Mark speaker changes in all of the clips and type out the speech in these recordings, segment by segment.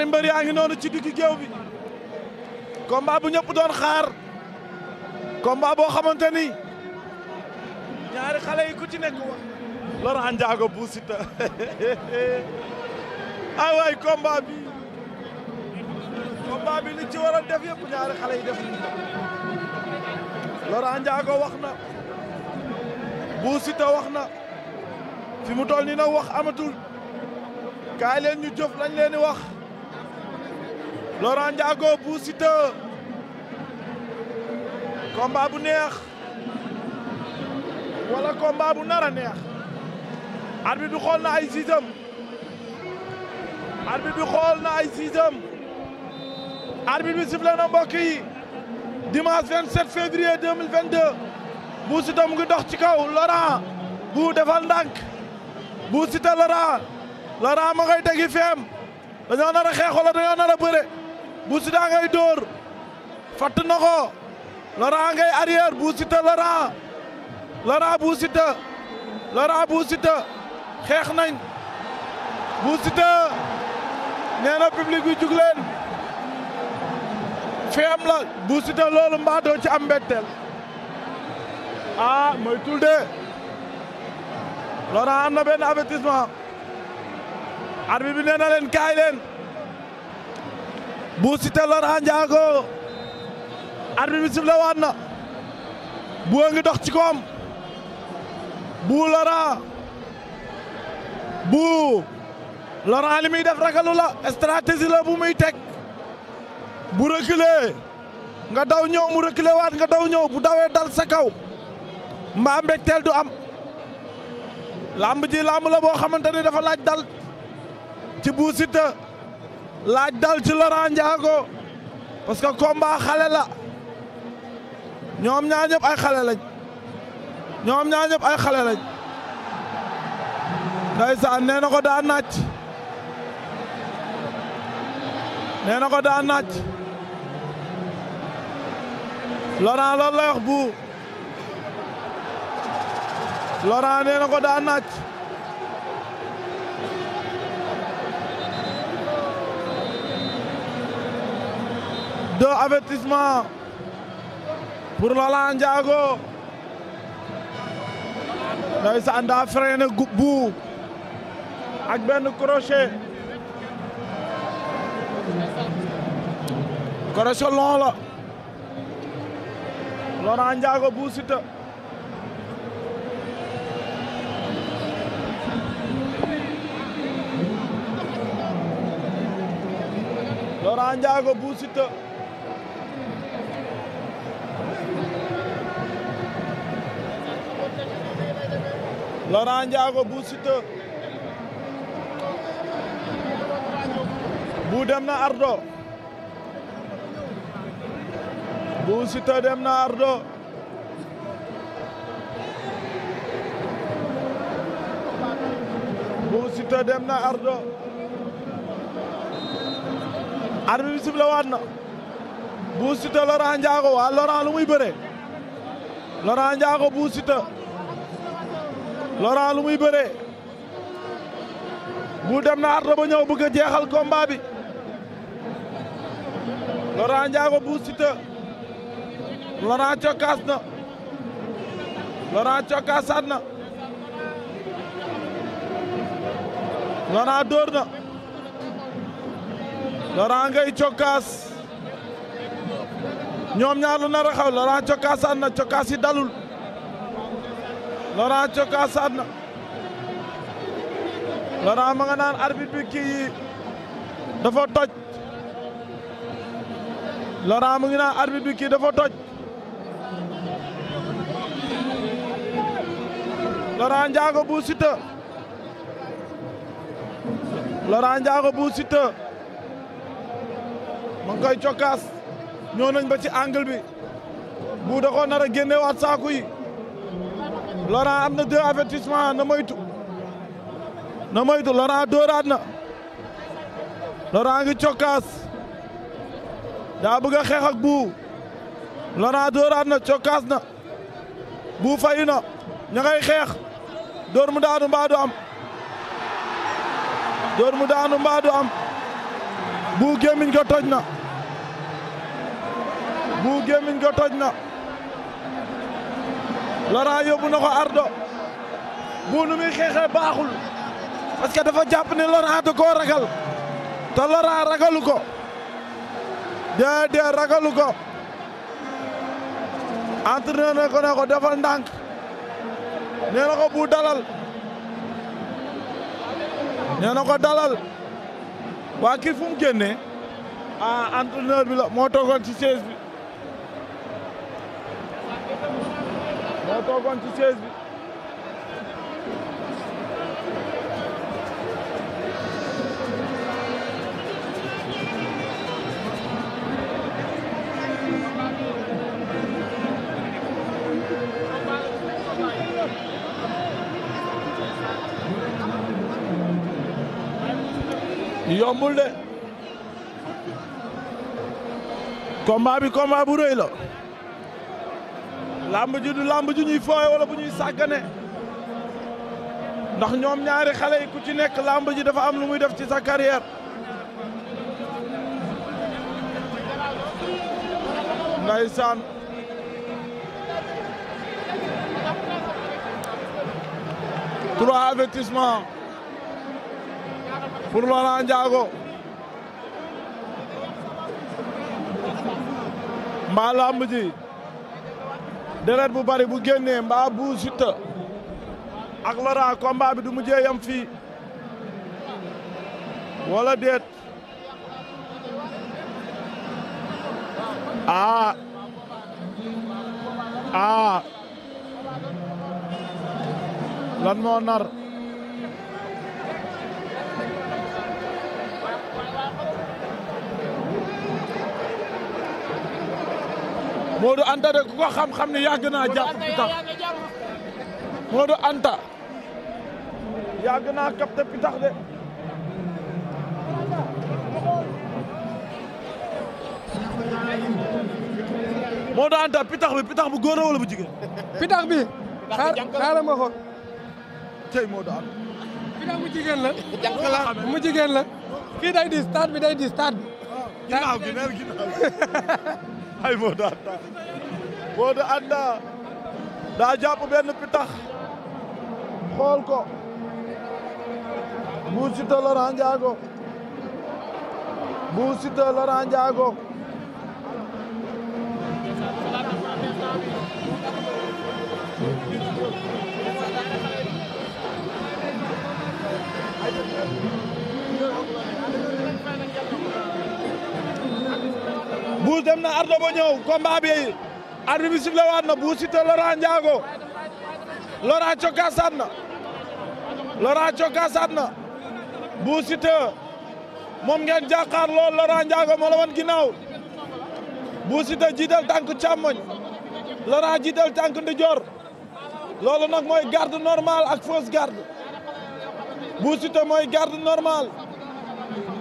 Speaker 1: ñaari mbër yaa ngi noonu ci digg géew bi combat bu ñëpp doon xaar combat boo xamante ni ñaari ci nekk wax Laurent Ndiago ah bi combat bi li ci war def yëpp ñaari xale wax na Bou wax na fi mu toll nii nag wax amatul kaay leen ñu jëf lañ leen di wax Laurent Ndiago Bou Siteu bu neex wala combat bu nar a neex arbitre ay siisam arbitre bi xool ay siisam arbitre bi sifflé na mbokk yi dimanche 27 février 2022 Bou Siteu mu ngi dox ci kaw Laurent bu defal ndànk Bou Siteu Laurent Laurent ma ngay feem dañoo nar a xeex wala Bou Siteu ngay dóor fatt na ko Laurent ngay arrière Bou Siteu nañ Bou Siteu nee na leen feem la Bou Siteu loolu mbaa ci am mbetteel ah mooy de Laurent am na benn avertissement arbitre bi leen kaay Bou Siteu Laurent Ndiago arbitre bi sifflé waat na Bou a ngi dox ci koom Bou Laurent Bou Laurent li muy def ragalu la stratégie la bu muy teg bu nga daw ñëw mu reculé waat nga daw ñëw bu dawe dal sa kaw mbaa mbégteel du am lamb ji lamb la boo xamante ni dafa laaj dal ci Bou laaj dal ci Laurent Ndiago parce que combat xale la ñoom ñaar ñëpp ay xale lañ ñoom ñaar ñëpp ay xale lañ ndeysaan nee na ko daa naaj nee na ko daa naaj Laurent la wax bu na ko daa naaj deux avertissements pour Laurent Ndiago ndeysaan daa freiné bu ak benn crochet crochet long la Laurent Ndiago Bou Siteu Laurent Ndiago Laurent Ndiago Bou Siteu Bou dem na Ardo Bou Siteu dem na Ardo Bou Siteu dem na bi sifflé waat na Bou Siteu Laurent Ndiago waa Laurent lu muy bëre Laurent Ndiago Bou Laurent lu muy bëree bu dem na ardo ba ñëw bëgg a jeexal combat bi Laurent Ndiago Bou Siteu Laurent cokkaas na Laurent cokkaasaat na Laurent dóor na Laurent ngay cokkaas ñoom ñaar lu nar a xaw Laurent cokkaasaat na cokkaas yi dalul Laurent cokkaasaat na Laurent ma nga naan arbitre bi kii dafa toj Laurent mu ngi naan arbitre bi kii dafa toj Laurent Ndiago bu Siteu Laurent Ndiago bu Siteu ma ngi cokkaas ñëw nañ ba ci angle bi bu da ko nar a saaku yi lora am na deux avertissement na moytu na moytu Laurent dóoraat ngi cokkaas daa bëgg a xeex ak Bou Laurent dóoraat na cokkaas na Bou fayu na ña xeex dóor mu daanu mbaa du am dóor daanu mbaa am Bou gémmiñ ko toj na Bou gémmiñ ko na Laurent yóbbu na ko Ardo bu nu muy xeexee baaxul parce que dafa jàpp ne Laurent da koo ragal te Laurent ragalu ko déedéet ragalu ko entraîneur na ko ne ko defal ndànk nee na ko bu dalal nee na ko dalal waa kii fu mu génnee ah entraîneur bi la moo toogoon ci chaise bi moo toogoon ci chaise bi yombul de combat bi combat bu rëy la làmb ji làmb ju ñuy fooye bu ñuy sàggane ndax ñoom ñaari xale yi ku ci nekk làmb ji dafa am lu muy def ci sa carrière ndaysaan trois avertissements pour Laurent Ndiago mbaa làmb ji deret bu bari bu génnee mbaa bu ak Laurent combat bi du mujjee yam fii wala déet aa aa lan moo nar Modou Anta de ku ko xam-xam ne yàgg naa jàpp pitax Modou Anta yàgg naa capté pitax de Modou Anta pitax bi pitax bu góor a wala bu jigéen pitax bi xaaral ma xool tey Modou Anta pitax bu jigéen la mu jigéen la fii day di stade bi day diis stade bi ay Modou Anta Modou Anta daa jàpp benn pitax xool ko Bou Siteu Laurent Ndiago Bouss dem na Ardo ba ñëw combat bi arbitre bi sifflé waat na Bouss Siteu Laurent Ndiago Laurent cokkaasaat na Laurent cokkaasaat na Bouss Siteu moom ngeen jàkkaar lool Laurent Ndiago moo la wan ginnaaw Bouss Siteu jiital tànk càmmoñ Laurent jiital tànk ndijoor loolu nag mooy garde normale ak fausse garde Bouss Siteu mooy garde normale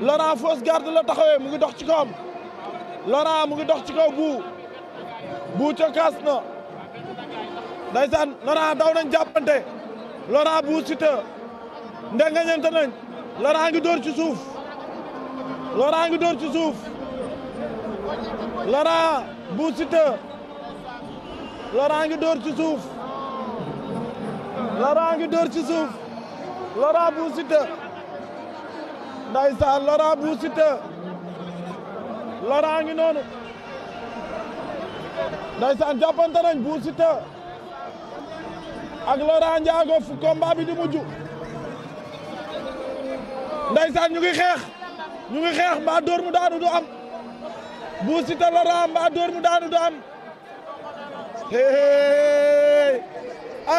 Speaker 1: Laurent fausse garde la taxawee mu ngi dox ci kawam Laurent mu ngi dox ci kaw Bou Bou cokaas na ndeysaan Laurent daw nañ jàppante Laurent Bou Siteu ndengañante nañ Laurent ngi dóor ci suuf Laurent ngi dóor ci suuf Laurent Bou Siteu ngi dóor ci suuf Laurent ngi dor ci suuf Laurent Bou Siteu ndeysaan Laurent Bou Siteu Laurent ngi noonu ndaysaan jàppante nañ Bou Siteu ak Laurent Ndiago fu combat bi di mujj ndaysaan ñu ngi xeex ñu ngi xeex mbaa dóor mu daanu du am Bou Siteu mbaa dóor mu daanu du am hey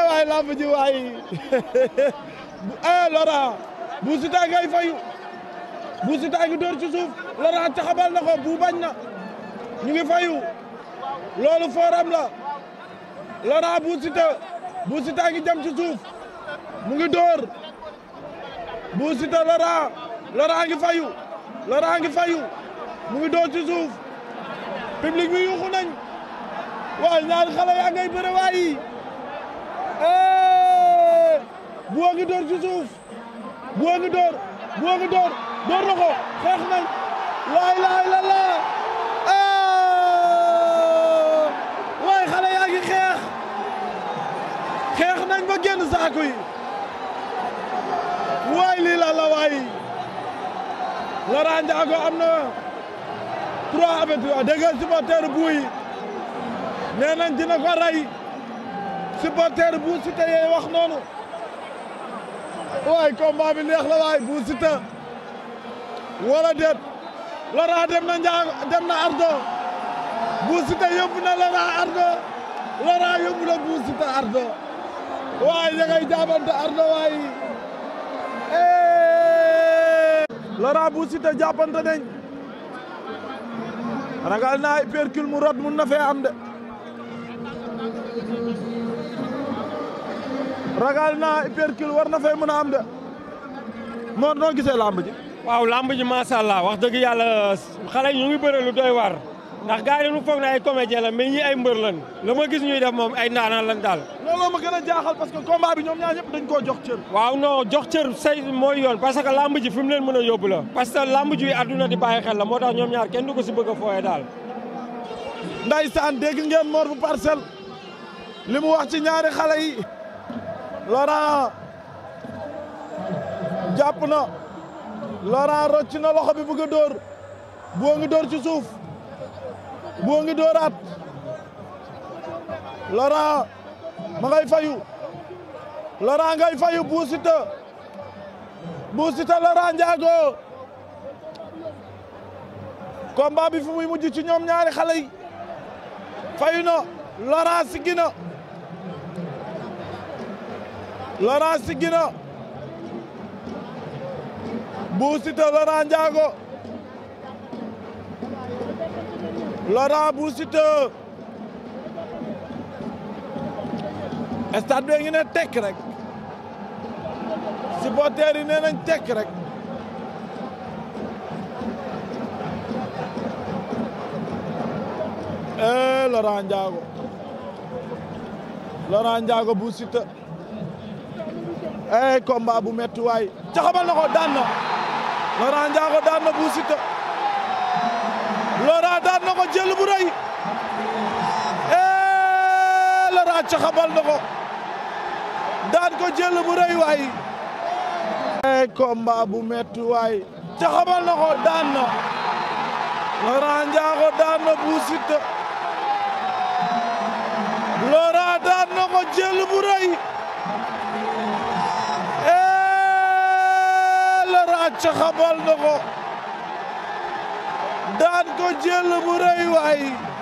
Speaker 1: waay lamb waay eh, Laurent Bou Siteu ngay fayu Bou Siteu ngi dóor ci suuf Laurent na ko bu na ñu ngi fayu loolu fooram la Laurent Bou Siteu ngi jëm ci mu ngi dóor Bou Siteu Laurent ngi fayu Laurent ngi fayu mu ngi dóor ci suuf public bi nañ waaw ñaari xale yaa ngay bëre waayi ngi dóor ci suuf ngi dóor Bou ngi dóor door na ko xeex nañ laa ilaaha illallah waay xale yaa ngi xeex xeex nañ ba génn saako waay lii la la waay am na trois abattoirs dégg nga supporter bu yi nee nañ dina ko rey supporter bu Siteu yee wax noonu waay combat bi neex la waay bu wala déet Laurent dem na dem na Ardo Bou yóbbu na Laurent Ardo Laurent yóbbu na Bou Ardo waaye ya ngay Ardo waaye eh! Laurent Bou Siteu jàppante ragal naa hypercule mu rot mun na fee am de ragal naa hypercule war na fee mën a am de moo noo gisee làmb waaw lamb ji macha allah wax dëgg yàlla xale ñu ngi bëre lu doy war ndax gars yi dañu foog ne ay comédien la mais ñi ay mbër lan la ma gis ñuy def moom ay ndaanaan lan daal. looloo ma gën a jaaxal parce que combat bi ñoom ñaar ñëpp dañ koo jox cër. waaw non jox cër say mooy yoon parce que lamb ji fi mu leen mën a yóbbu la. parce que àdduna di bàyyi xel la moo tax ñoom ñaar kenn du ko si bëgg a fooyee daal. ndeysaan dégg ngeen Mor bu parcelle li mu wax ñaari xale yi Laurent Laurent rocc na bi bëgg a dóor boo ngi dóor ci suuf boo ngi dóoraat Laurent ma ngay fayu Laurent ngay fayu Bou Siteu Bou Siteu Laurent Ndiago bi fu muy mujj ci ñoom ñaari xale yi fayu na Laurent siggi na Laurent siggi Bou Siteu Laurent Ndiago Laurent Bou Siteu ngi ne tekk rek supporters yi ne nañ tekk rek eh Laurent Ndiago Laurent Ndiago Bou Siteu eh bu metti waay caxabal na ko daan Laurent Ndiago daan na Bou Siteu Laurent ko jël bu rëy eh Laurent caxabal na ko daan jël bu rëy waay. eh combat bu metti waay caxabal na ko daan na Laurent Ndiago daan na Bou Siteu ko jël bu rëy. Ngathie caxabal na ko daan ko jël bu rëy